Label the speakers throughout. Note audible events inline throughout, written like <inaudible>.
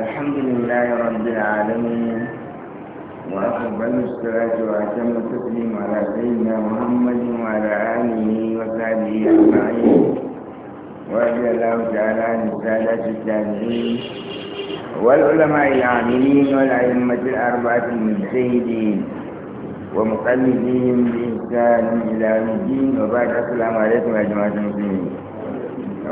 Speaker 1: الحمد لله رب العالمين وأفضل الصلاة وأتم التسليم على سيدنا محمد وعلى آله وصحبه أجمعين ورضي الله تعالى عن السادة التابعين والعلماء العاملين والأئمة الأربعة المجتهدين ومقلدين بإحسان إلى الدين وبعد السلام عليكم يا جماعة المسلمين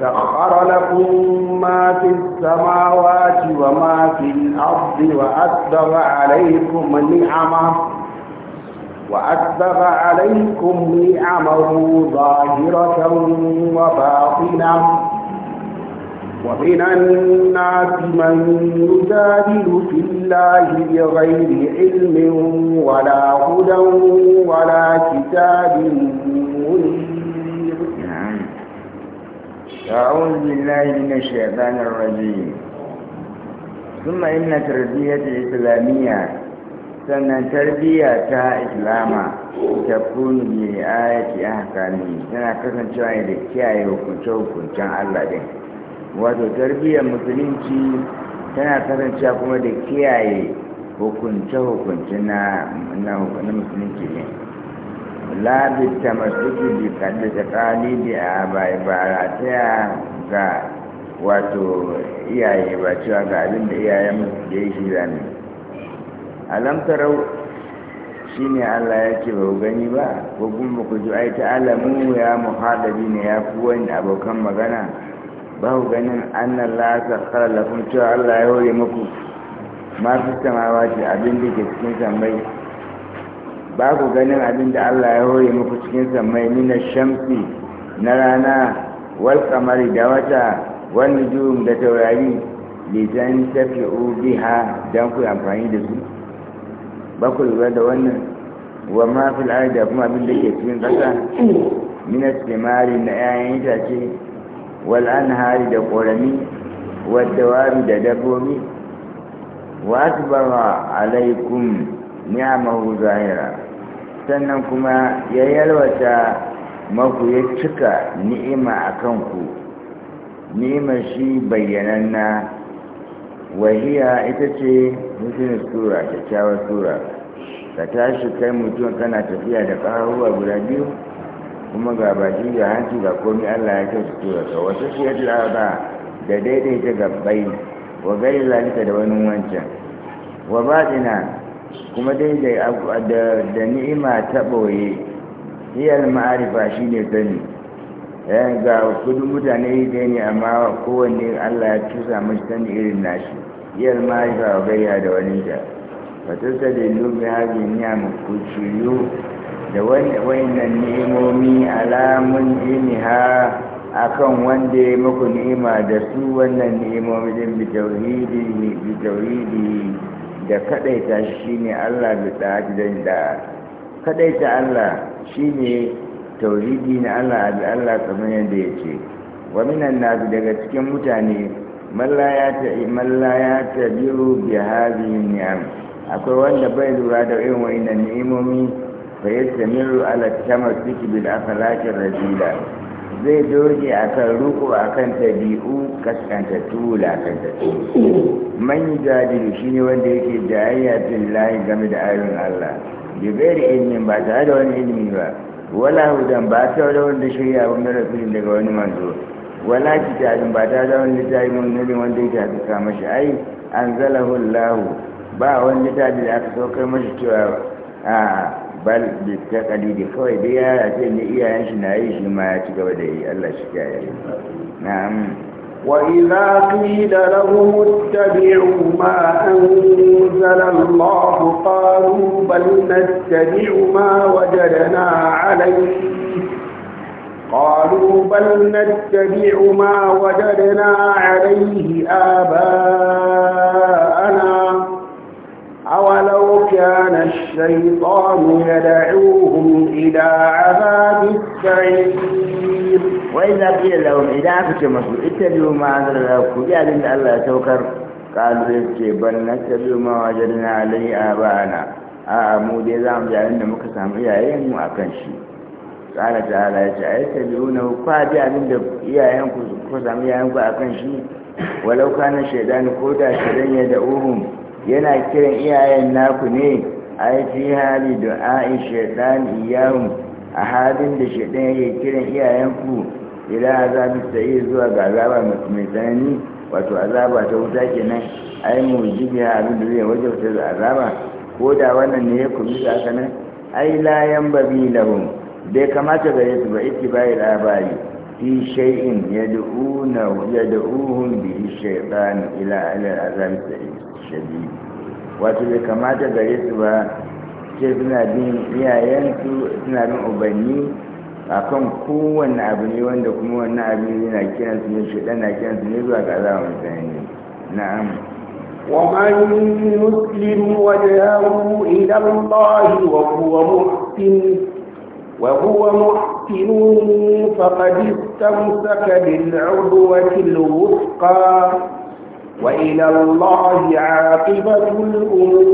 Speaker 2: سخر لكم ما في السماوات وما في الأرض وأسبغ عليكم نعمه وأسبغ عليكم نعمه ظاهرة وباطنة ومن الناس من يجادل في الله بغير علم ولا هدى ولا كتاب منير أعوذ بالله من
Speaker 1: الشيطان الرجيم ثم إن تربية الإسلامية سنة تربية تا إسلاما تكون برعاية أحكامي سنة كسن شوية لكياي وكنشو كنشان الله دين wato tarbiyyar musulunci tana kasancewa kuma da kiyaye hukunce-hukunce na musulunci ne la bi tamassuki bi kadda bi a bai bara ta ga wato iyaye ba cewa ga abin da iyayen mu ke shi zane alam tarau shine Allah ya ce ba gani ba ko kuma ku ji ai ta alamu ya muhadabi ne ya fi wani abokan magana ba ku ganin annan lasa sakhara lafin cewa Allah ya hore muku ma fi samawa ce abin da ke cikin sammai ba ku ganin abin da Allah ya hoye muku cikin mai mina shamsi na rana wal kamari da wata wani jurum da taurari zan tafi biha don ku amfani da su ba ku lura da wannan wa ma fil da kuma abin da ke cikin ƙasa mina simari na 'ya'yan itace wal anhari da ƙorami wadda da dabbobi wa asbara alaikum ni'amahu zahira sannan kuma ya yalwata maku ya cika ni'ima a kanku ni'imar shi bayyananna wahiya ita ce husnul sura kyakkyawar sura ka tashi kai mutum kana tafiya da ƙaruwa guda biyu kuma ga baki ga hanci ga komi allah ya kai sura ka wasu shi ya da daidaita gabbai wa gari lalita da wani wancan wa baɗina kuma dai da ni'ima ta ɓoye hiyar ma'arifa shi ne sani eh, ga kudin mutane ita ne amma kowanne allah ya cusa mashi sani irin nashi hiyar ma'arifa wa gayya da wani ta fatasta da lubi hajji ya da wannan ni'imomi alamun imiha akan wanda ya muku ni'ima da su wannan ni'imomi din bi tauhidi da kadaita shi ne Allah bi ta'ajidan da kadaita Allah shi ne tauhidi na Allah a Allah kamar yadda ya ce wa minan nas daga cikin mutane malla ya ta biyu biya hazi yin akwai wanda bai lura da irin wa'annan ni'imomi fa yastamiru ala tamassuki bil akhlaqir rajila zai doge a kan ruku a kan tabi'u kaskantattu lakantattu man jadilu shi ne wanda yake jayayya layi game da ayon Allah bi gairi ilmin ba tare da wani ilimi ba wala hudan ba tare da wanda shirya ba mai rasulun daga wani manzo wala kitabin ba tare da wani littafi mun wanda yake a kama mashi ai anzalahu Allah ba wani littafi da aka saukar mashi cewa A'a. bal da ta kalidi kawai da ya ce ne iyayen shi na yi shi ma ya ci gaba da yi Allah shi kiyaye na'am
Speaker 2: wa idza qila lahum ittabi'u ma anzala Allah qalu bal nattabi'u ma wajadna 'alayhi قالوا بل نتبع ما وجدنا عليه آباءنا أولو كان الشيطان يدعوهم إلى عذاب السعير وإذا قيل لهم إذا
Speaker 1: أخذت مسؤول اتبعوا ما أنزل لكم جعل إن الله توكر قالوا يبكي بل نتبع ما وجدنا عليه آباءنا a'a mu dai za mu ji abin muka samu iyayenmu a shi tsara ta ala ya ce a na kwa bi abin da iyayenku samu iyayenku a shi walau kana shaidani ko da shaidan ya da uhun yana kiran iyayen naku ne ai fi hali du'a'in shaitan iyahum a halin da shaitan yake kiran iyayenku ila azabi sa'i zuwa ga azaba mai tsanani wato azaba ta wuta kenan ai mujibi a abin da zai wajabta da azaba ko da wannan ne ya kubi da nan ai layan babi lahun bai kamata ga su ba bayi labari fi shai'in yad'una yad'uhum bihi shaitan ila al-azabi sa'i shari wato bai kamata gare su ba ce suna bin iyayensu suna bin ubanni a kan kowane abu ne wanda kuma wani abu ne na kiran su ne shaɗan na kiran su ne zuwa ga za mu tsaye na'am
Speaker 2: wa man muslim wajahu ila allah wa huwa muhsin wa huwa muhsin fa qad istamsaka bil 'udwati al-wusqa وإلى الله عاقبة الأمور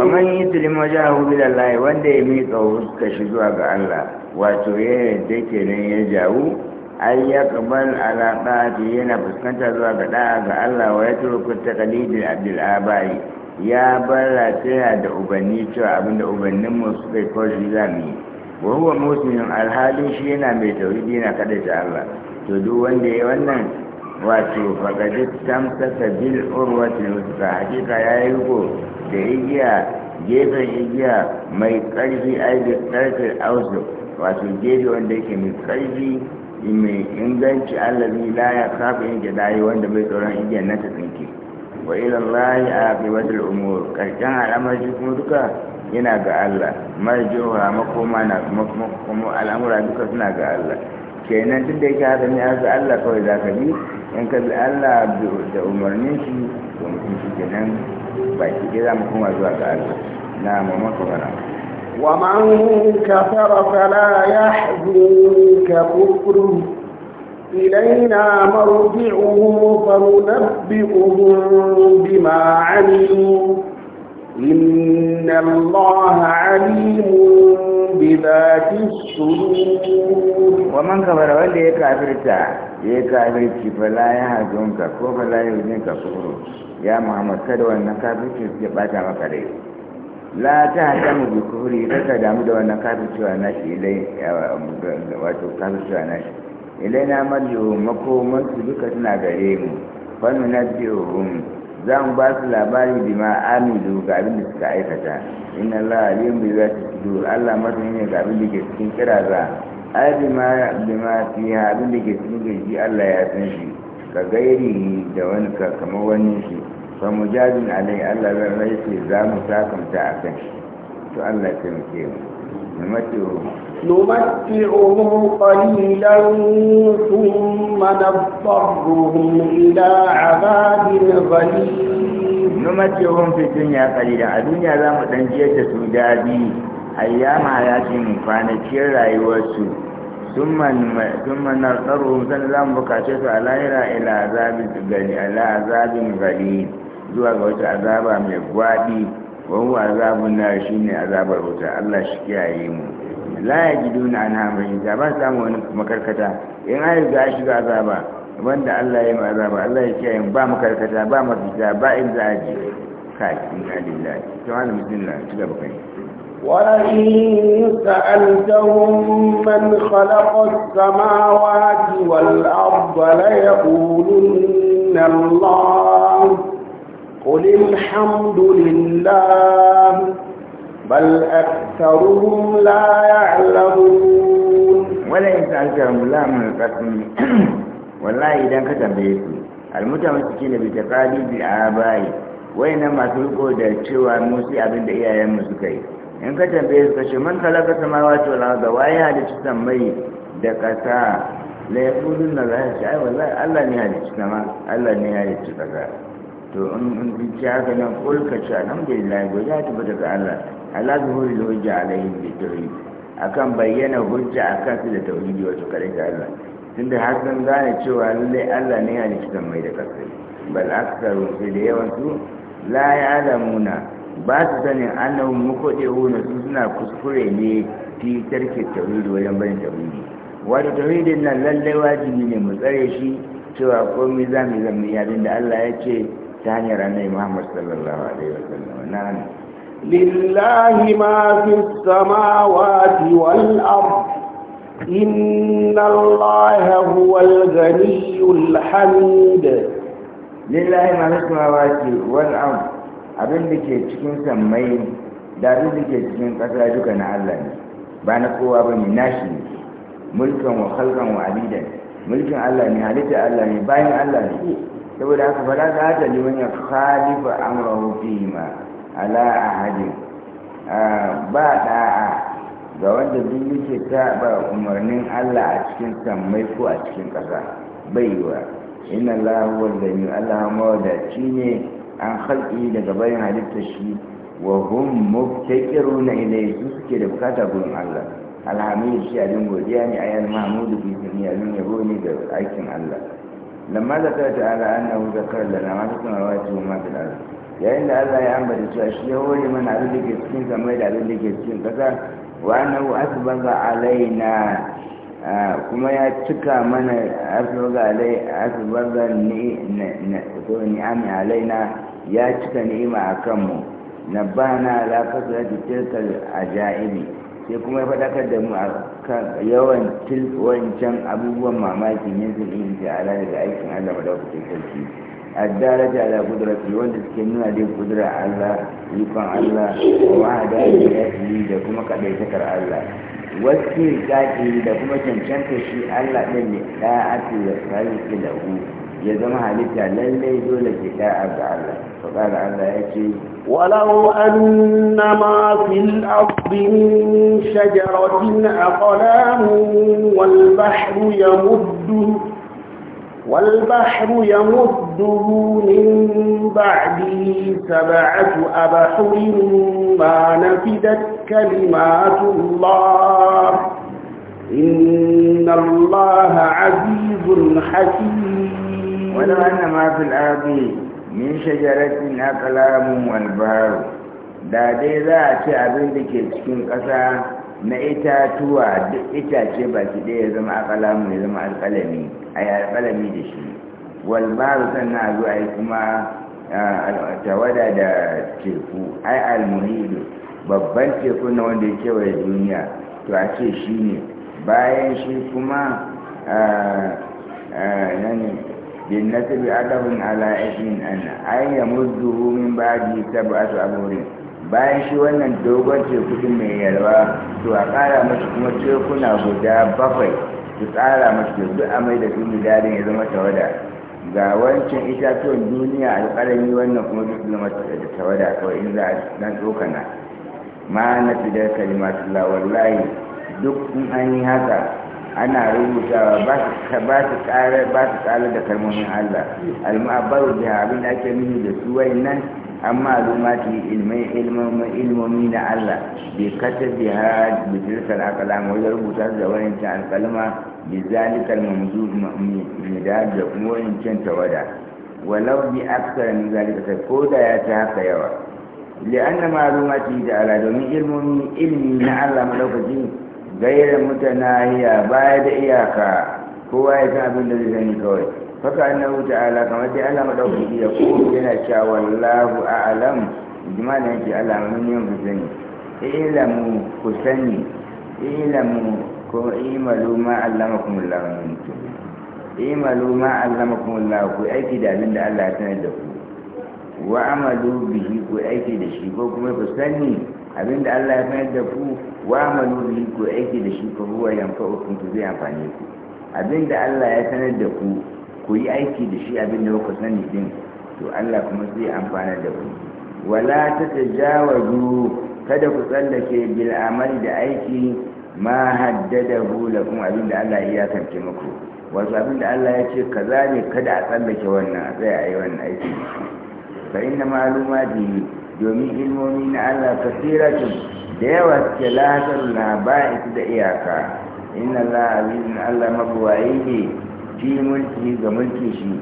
Speaker 2: ومن
Speaker 1: يسلم وجهه إلى الله وند يميت وفسك شزوع الله وتويه ذكر يجاو أن يقبل على طاعته ينفسك شزوع الله ويترك التقليد Allah الآباء ya ballataya da ubanni cewa abinda ubanninmu suka yi kawai za mu yi wa huwa alhalin shi yana mai tauhidi na kada ta Allah to duk wanda ya wannan wato fagadis tamsaka bil urwatin ta hakika ya yi ko da igiya gefen igiya mai karfi aibin karfin ausu wato gefe wanda yake mai karfi mai inganci allabi la ya kafa yake dayi wanda bai tsoron igiya na ta tsinke wa ilallahi a wata umur karshen al'amari kuma duka yana ga Allah marjiwa makoma na kuma al'amura duka suna ga Allah kenan duk da yake haka ne ga Allah kawai za ka bi in ka bi Allah da umarnin shi to mutum shi ke nan baki ɗaya za mu koma zuwa ga Allah na mamman kafara
Speaker 2: ومن كفر فلا يحزنك كفره إلينا مرجعهم Inna بما alimu bi الله عليم بذات الصدور
Speaker 1: ومن كفر ولي kafirta. ya ki fala ya ka ko fala ya ka kuro ya muhammad kada wannan kafirci ya bata maka rai la ta hada mu bi kuri kada damu da wannan kafircewa na shi ilai wato kafircewa na shi ilai na marjihu makoman su duka suna gare mu fannu na biyuhum za mu ba su labari bi ma amilu ga abin da suka aikata inna allaha alim bi zati sudur allah masani ne ga abin da ke cikin kiraza ai bima bima fiha abin da ke cikin gaji Allah ya san shi ka gairi da wani ka kamar wani shi fa mujadin alai Allah zan rai ce za mu sakamta a kan shi to Allah ya taimake mu numatiruhu
Speaker 2: numatiruhu qalilan thumma nabtaruhum ila azabin ghalib numatiruhum fitin ya qalilan a duniya
Speaker 1: za mu dan jiyar da su dadi ayyama mu kwanakin rayuwarsu sun manar tsaro sannan zan bukace su a lahira ila azabin gari zuwa ga wata azaba mai gwadi wani azabun na shi ne azabar wuta allah shi kiyaye mu la ya ji duna an hamarin ta ba samu wani makarkata in an riga a shiga azaba wanda allah ya yi azaba allah ya kiyaye mu ba makarkata ba mafita ba in za a je kai in alillahi ta wani
Speaker 2: mutum na ci gaba kai وإن سألتهم من خلق السماوات والأرض ليقولن الله قل الحمد لله بل أكثرهم لا يعلمون
Speaker 1: ولا سألتهم لا من القسم والله إذا كتب يسوع المتمسكين بتقاليد الآباء وإنما تلقوا دا cewa musu abin da iyayenmu suka yi in ka tambaye su kace man khalaqa samawati wal arda wa ya halicci sammai da kasa la na la shi ai wallahi Allah ne halicci sama Allah ne halicci kasa to in in ji ga nan kul ka ce alhamdulillah go ta tuba daga Allah Allah zuhuri da hujja alaihim bi tauhid akan bayyana hujja akan su da tauhidi wato kare da Allah tunda har sun gane cewa lallai Allah ne halicci sama da kasa bal aktsaru fi da la ya'lamuna ba su sanin annahum wuna su suna kuskure ne fi tarke tauhid wajen barin tauhidi wato tauhidin nan lallai wajibi ne mu tsare shi cewa komai za mu zama yadin da Allah ya ce ta hanyar annabi Muhammad sallallahu alaihi wasallam nan
Speaker 2: lillahi ma fi samawati wal ard إن الله هو الغني الحميد
Speaker 1: لله ما في السماوات والأرض abin da ke cikin sammai da abin da ke cikin ƙasa duka na Allah ne ba na kowa ba ne nashi ne mulkan wa halkan wa abidan mulkin Allah ne halitta Allah ne bayan Allah ne saboda haka fara ta hata liman ya khalifa amrahu fihi ma ala ahadin ba da'a ga wanda duk yake taɓa umarnin Allah a cikin sammai ko a cikin ƙasa baiwa inna Allah huwa Allah mawadaci ne an halƙi daga bayan halitta shi wa hum mubtakiruna ilayhi su suke da bukata gurin Allah alhamid shi abin godiya ne ayal mahmudu bi dunya min yabo ne ga aikin Allah lamma zakara ta'ala annahu zakara lana ma fi samawati wa ma fil ardh yayin da Allah ya ambata cewa shi ya hore mana abin da ke cikin da abin da ke cikin ƙasa wa annahu asbaga alaina kuma ya cika mana asbaga alai asbaga ni ni ni ya cika ni'ima a kanmu na ba na lafasa da tilkar ajaibi sai kuma ya faɗakar da mu a kan yawan wancan abubuwan mamaki ne su ɗin ta ala daga aikin allah madaukakin sarki da kudura fi wanda suke nuna dai kudura allah ikon allah wa da yi da kuma kaɗaitakar allah wasu zaƙi da kuma cancanta shi allah ɗin ne ake da sarki da hu ya zama halitta lallai dole ke da'a ga Allah
Speaker 2: faɗaɗa Allah ya ce ولو أن ما في الأرض من شجرة أقلام والبحر يمده والبحر يمده من بعده سبعة أبحر ما نفدت كلمات الله إن الله عزيز حكيم ولو أن
Speaker 1: ما في الأرض min shajaratin aqlamun wal baru da dai za a ce abin da ke cikin ƙasa na itatuwa duk itace baki ɗaya ya zama aqlamun ya zama alƙalami a yi alƙalami da shi wal sannan a zo a yi kuma tawada da teku ai almuhidu babban teku na wanda ya kewaye duniya to a ce shi ne bayan shi kuma بالنسب عدم على اسم أن أن يمزه من بعد سبعة أبواب bayan shi wannan dogon teku mai yalwa to a ƙara mashi kuma tekuna guda bakwai su tsara mashi duk a mai da su misalin ya zama tawada ga wancan itatuwan duniya alƙalami wannan kuma duk zama da tawada kawai in za a nan tsokana ma na fi da kalimatu duk in an yi haka ana rubutawa ba su tsara da kalmomin Allah almu'abbaru da abin da ake nufi da su wayannan an ma'alumati ilmai ilmomi na Allah bi kata biha bi tilkal aqlam wa yarbuta da wayancan alkalma bi zalikal mamzud midad da kuma wayancan tawada walau bi aksara min zalika ko da ya ta haka yawa li'anna ma'alumati da ala domin ilmomi ilmi na Allah madaukaki gaira mutanahiya baya da iyaka kowa ya san abin da zai yi kawai faka annahu ta'ala kamar dai Allah maɗauki iya ko yana cewa wallahu a'lam jima'an yake Allah mun mu sani ilamu ku sani ilamu ko imalu ma allamakum Allah min imalu ma allamakum Allah ku aiki da abin da Allah ya sanar da ku wa amalu bihi ku aiki da shi ko kuma ku sani abinda Allah ya mayar da ku wa manu bihi ku aiki da shi ko huwa yanfa'ukum ku zai amfane ku abinda Allah ya sanar da ku ku yi aiki da shi abinda kuka sani din to Allah kuma zai amfana da ku wala tatajawazu kada ku tsallake bil amali da aiki ma haddadahu lakum abinda Allah ya iyakance muku wato abinda Allah ya ce kaza ne kada a tsallake wannan a tsaya a yi wannan aiki fa inna ma'lumati domin ilmomi na Allah kasiratu da yawa suke lahatar na ba su da iyaka inna Allah azizun Allah mabuwayi ne fi mulki ga mulki shi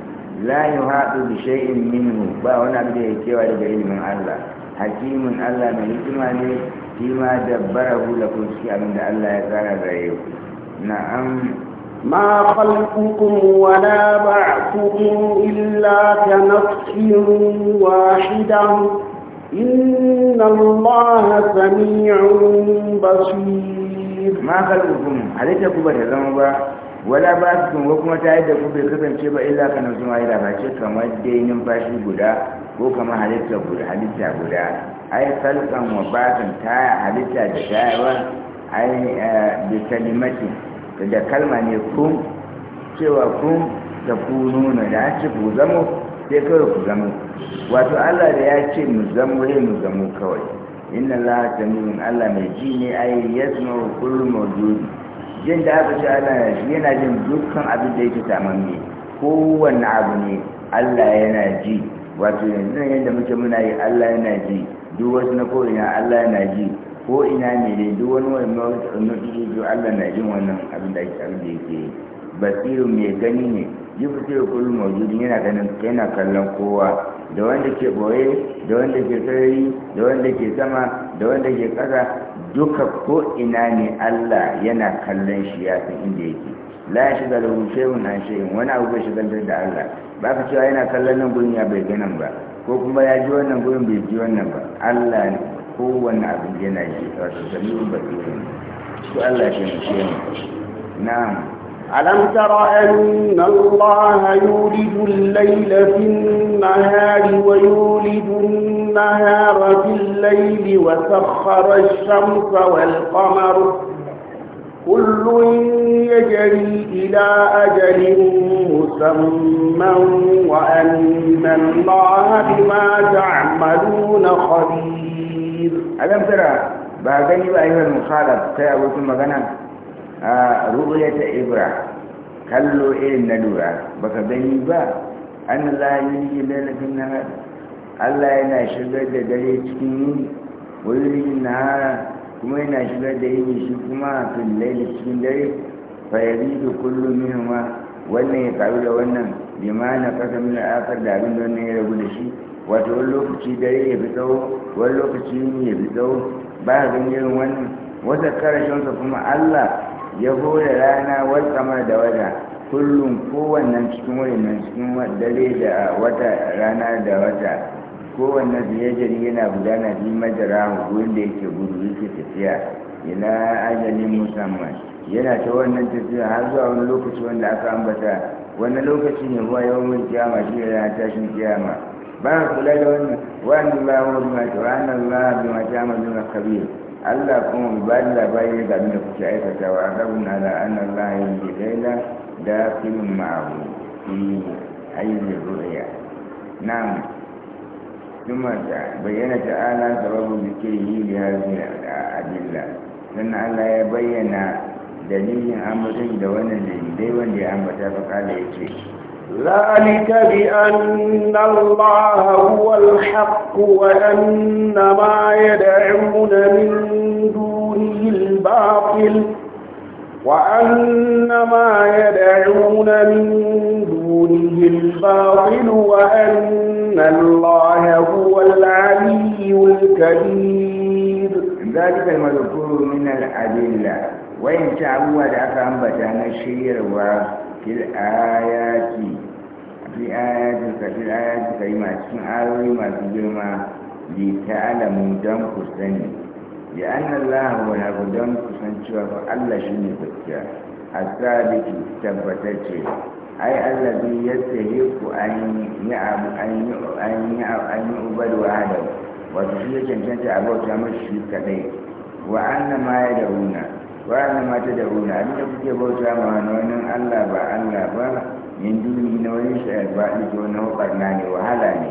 Speaker 1: la yuhadu bi shay'in minhu ba wani abu da ya kewa daga ilimin Allah hakimun Allah mai hikima ne fi ma dabbara lakum shi abin da Allah ya tsara gare ku
Speaker 2: na'am ما خلقكم ولا بعثكم إلا كنفس واحدة إن الله سميع بصير ما خلقكم عليك كبر
Speaker 1: هذا با ولا باسكم وكما تعيد كبر كبر شبا إلا كان زما عيدا باشي كما دين باشي بدا وكما حديثة بدا حديثة بدا أي خلقا وباسا تايا حديثة جتايا أي بكلمة da كلمة ne kun cewa kun da kununa sai kawai ku zamo wato Allah da ya ce mu zamo sai mu zamo kawai inna Allah tamim Allah mai ji ne ai zama kullu mawjud jin da aka ce Allah yana jin dukkan abin da yake tamamme kowanne abu ne Allah yana ji wato yanzu yadda muke muna yi Allah yana ji duk wasu na ko'ina Allah yana ji ko ina ne ne duk wani wani Allah na jin wannan abin da ake abin da yake basirin mai gani ne yi fito kullu mawjudin yana ganin yana kallon kowa da wanda ke boye da wanda ke sarari da wanda ke sama da wanda ke ƙasa duka ko ina ne Allah yana kallon shi ya san inda yake la ya shiga da shehun an shehun wani abu bai shigantar da Allah ba ka cewa yana kallon nan gurin ya bai ganin ba ko kuma ya ji wannan gurin bai ji wannan ba Allah ne kowane abu yana yi wato sami ba su Allah shi ne shehun
Speaker 2: na'am ألم تر أن الله يولد الليل في النهار ويولد النهار في الليل وسخر الشمس والقمر كل يجري إلى أجل مسمى وأن الله بما تعملون خبير
Speaker 1: ألم ترى يبقى أيها المخالف تأويت المغنم ta ibra kallo irin na lura ba ka gani ba an lahi yi lalafin nahar Allah yana shigar da dare cikin wuri na nahara kuma yana shigar da yini shi kuma fil laili cikin dare fa da kullu minhuma wannan ya karu da wannan bima na kasa min al'akar da abin da wannan ya rabu da shi wato wani lokaci dare ya fi tsawo wani lokaci yini ya fi tsawo ba ganin irin wannan wata sa kuma Allah ya hore rana wal kamar da wata kullum kowanne cikin wannan cikin dare da wata rana da wata kowanne ziyajari yana gudana fi majara wanda yake gudu yake tafiya ila ajalin musamman yana ta wannan tafiya har zuwa wani lokaci wanda aka ambata wani lokaci ne ruwa yawan mai kiyama shi ne tashin kiyama ba kula da wannan wa'annan lahu bi ma ta'ala Allah bi ma ta'maluna khabir Allah kuma ba da labari ga abin da kuke aikata rabin ala an Allah ya yi laila da filin ma'abu fi ayyukan ru'ya nan kuma ta bayyana ta'ala sababin da ke yi da zai a adilla sannan Allah ya bayyana dalilin amurin da wannan dalilai wanda ya ambata fa kala ya ce
Speaker 2: ذلك بأن الله هو الحق وأن ما يدعون من دونه الباطل وأن ما يدعون من دونه الباطل وأن الله هو العلي الكبير
Speaker 1: ذلك المذكور من الأدلة وإن تعود أفهم بتانا الشير fil ayati fi ayati ka fil ayati ka yi masu cikin ayoyi masu girma li ta'lamu dan ku sani ya anna Allah wa yabu dan ku san cewa fa Allah shine gaskiya asabitu tabbatacce ai allazi yastahiqu an ya'abu an yu'abu an yu'abu an yu'badu adam wato shi ya cancanta abota mashi kadai wa anna ma yad'una wa'annan mata da huna abin da kuke bauta ma wani allah ba allah ba min duni na wani shayar ba ni ko na hukarna ne wahala ne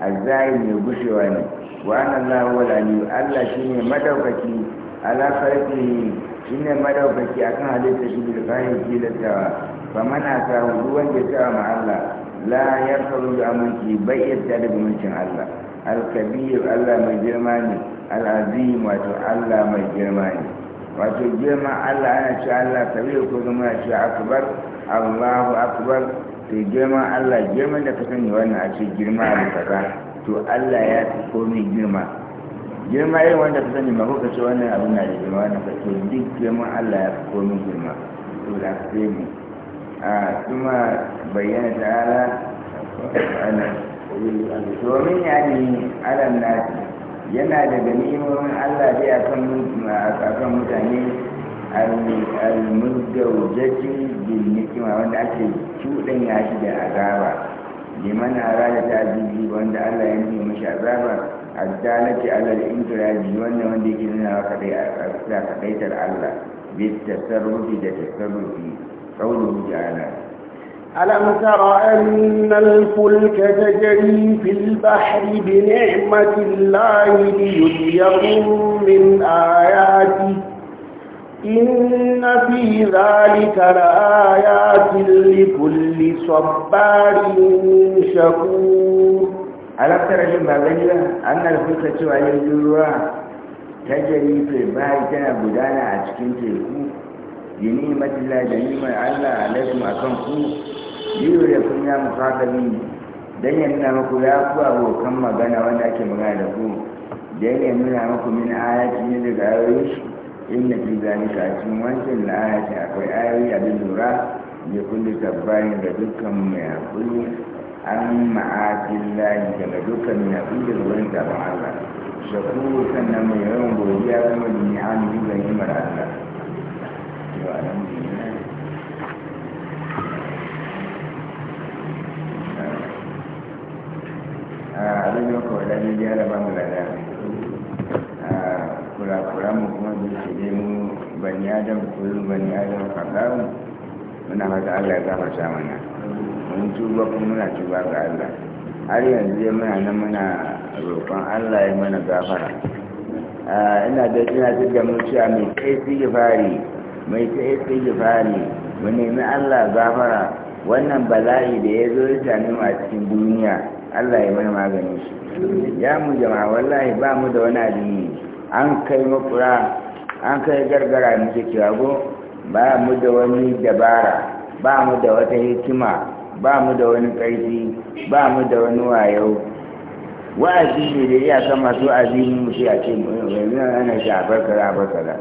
Speaker 1: azzayi mai gushewa ne wa an allah wala ni allah shine madaukaki ala farki shine madaukaki akan halitta shi da kayan kilatawa fa mana ta hudu wanda ta ma allah la ya faru da aminci bai yadda da mulkin allah alkabir allah mai girma ne al'azim wato allah mai girma ne wato girma Allah ana ce Allah kabiru ko zama ya ce akbar Allahu akbar to girma Allah girma da ka sani wannan a ce girma a kaza to Allah ya fi komai girma girma yin wanda ka sani mako ka ce wannan abin na da girma wannan ka ce duk girman Allah ya fi komai girma to da ka sai mu a kuma bayyana ta'ala ana domin yani alam nasi yana daga ni'imomin Allah dai a kan mutane al-muddawjati bil nikma wanda ake cuɗan yashi da azaba liman arada ta'dibi wanda Allah ya nuna mashi azaba addalati ala al-intiraji wanda wanda yake nuna wa kadai a kadaitar Allah bi tasarrufi da tasarrufi
Speaker 2: qawluhu ta'ala ألم تر أن الفلك تجري في البحر بنعمة الله ليريكم من آياته إن في ذلك لآيات لكل صبار
Speaker 1: شكور ألم تر جمع غنية أن الفلك في البحر تجري في البحر تنا بدانا أتكين تلكو بنعمة الله جميعا الله عليكم أكمكم yiwu da kun ya bi don ya nuna muku ya fi abokan magana wanda ake magana da ku don ya nuna muku min ayati ne daga ayoyi inda fi zalika a cikin wancan na ayati akwai ayoyi abin lura da da tabbayin da dukkan mai hakuri an ma'afin layi daga dukkan mai hakuri da wurin taɓa Allah shakuru sannan mai yawan godiya zama da ni'amu da ni'imar Allah. Yau a nan abin da kawai da ne ya raba mu lada ah, kurakuran mu kuma da shi ne mu bani adam kullum bani adam kaɗaru muna mata allah ya gafarta mana mun tuba kuma muna tuba ga allah har yanzu ya muna nan muna roƙon allah ya mana gafara ah, ina da ina da mu cewa mai kai fari mai kai fari mu nemi allah gafara wannan bala'i da ya zo ya sami mu a cikin duniya Allah ya mai maganin shi ya mu jama'a wallahi ba mu da wani abin an kai makura an kai gargara muke cewa go ba mu da wani dabara ba mu da wata hikima ba mu da wani ƙarfi ba mu da wani wayo wa'azi ne da iya sama masu azini musu a ce yanzu ana shi a barkara a barkara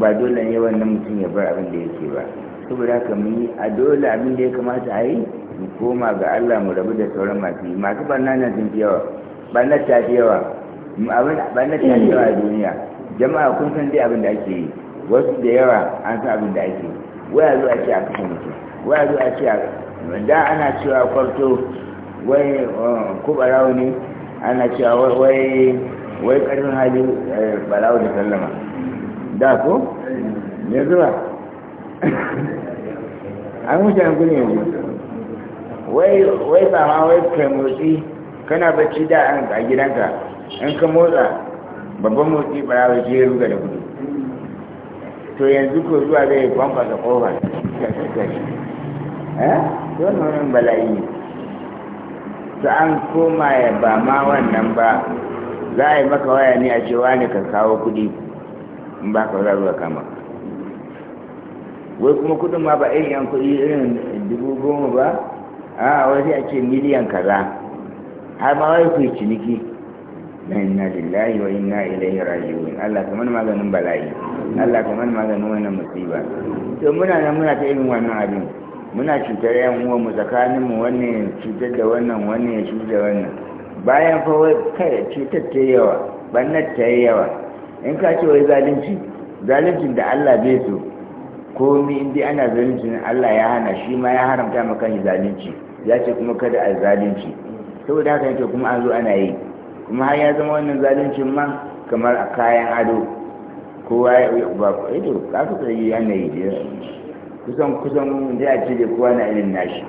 Speaker 1: ba dole ne wannan mutum ya bar abin da yake ba saboda ka mu yi a dole abin da ya kamata a yi mu koma ga Allah mu rabu da sauran masu yi masu banna na sun fi yawa banna ta fi yawa banna ta fi yawa a duniya jama'a kun san dai abin da ake yi wasu da yawa an san abin da ake yi waya zo a ce a kashe mutum waya zo a ce a da ana cewa kwarto wai eh, kubarau ne ana cewa wai wai karfin hali barawo eh, da sallama da ko ne zuwa
Speaker 2: <laughs> an wuce an gune yanzu
Speaker 1: wai ba ma wai kai motsi kana bacci da an a gidanka in ka motsa babban motsi ba ya wace ya ruga da gudu to yanzu ko zuwa zai kwamfa da kofa ta kakari eh to nunin bala'i ne ta an koma ya ba ma wannan ba za a yi maka waya ne a cewa ne ka kawo kudi in ba ka zuwa kama wai kuma kudin ma ba irin yan kudi irin dubu goma ba a wai sai a ce miliyan kaza har ma wai ku ciniki na inna lillahi wa inna ilaihi raji'un Allah kamar maganin bala'i Allah kamar maganin wannan musiba to muna nan muna ta irin wannan abin muna cutar yan uwa mu tsakanin mu wannan cutar da wannan wannan ya cutar da wannan bayan fa wai kai cutar ta yawa bannar ta yawa in ka ce wai zalunci zaluncin da Allah bai so komi inda ana zalunci Allah ya hana shi ma ya haramta maka zalunci ya ce kuma kada a zalunci saboda haka yake kuma an zo ana yi kuma har ya zama wannan zaluncin ma kamar a kayan ado kowa ba ido eh ka su tsaye yanayi da kusan kusan da a cire kowa na irin nashi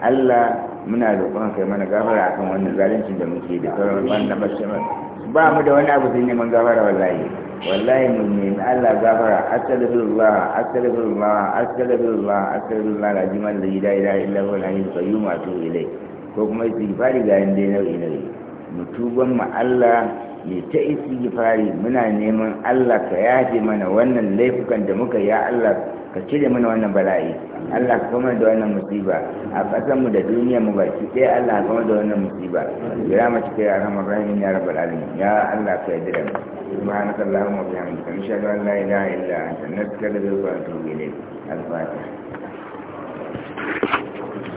Speaker 1: Allah muna roƙon kai mana gafara akan wannan zaluncin da muke da sauran wannan ba mu da wani abu sai neman gafara wallahi wallahi mu nemi Allah gafara astaghfirullah astaghfirullah astaghfirullah astaghfirullah la jimal la ilaha illa illa huwa al-hayyul qayyum wa atubu ilayh ko kuma istighfari ga yanda ya nau'i nau'i mu tuban mu Allah ne ta istighfari muna neman Allah ka yaje mana wannan laifukan da muka ya Allah ka cire mana wannan bala'i Allah ka kama da wannan musiba a kasar mu da duniya mu baki sai Allah ka kama da wannan musiba mu cike ya arhamar rahim ya rabbal alamin ya Allah ka yi dira subhanaka allahumma wa bihamdika nashhadu an la ilaha illa anta nastaghfiruka wa natubu ilayk al-fatiha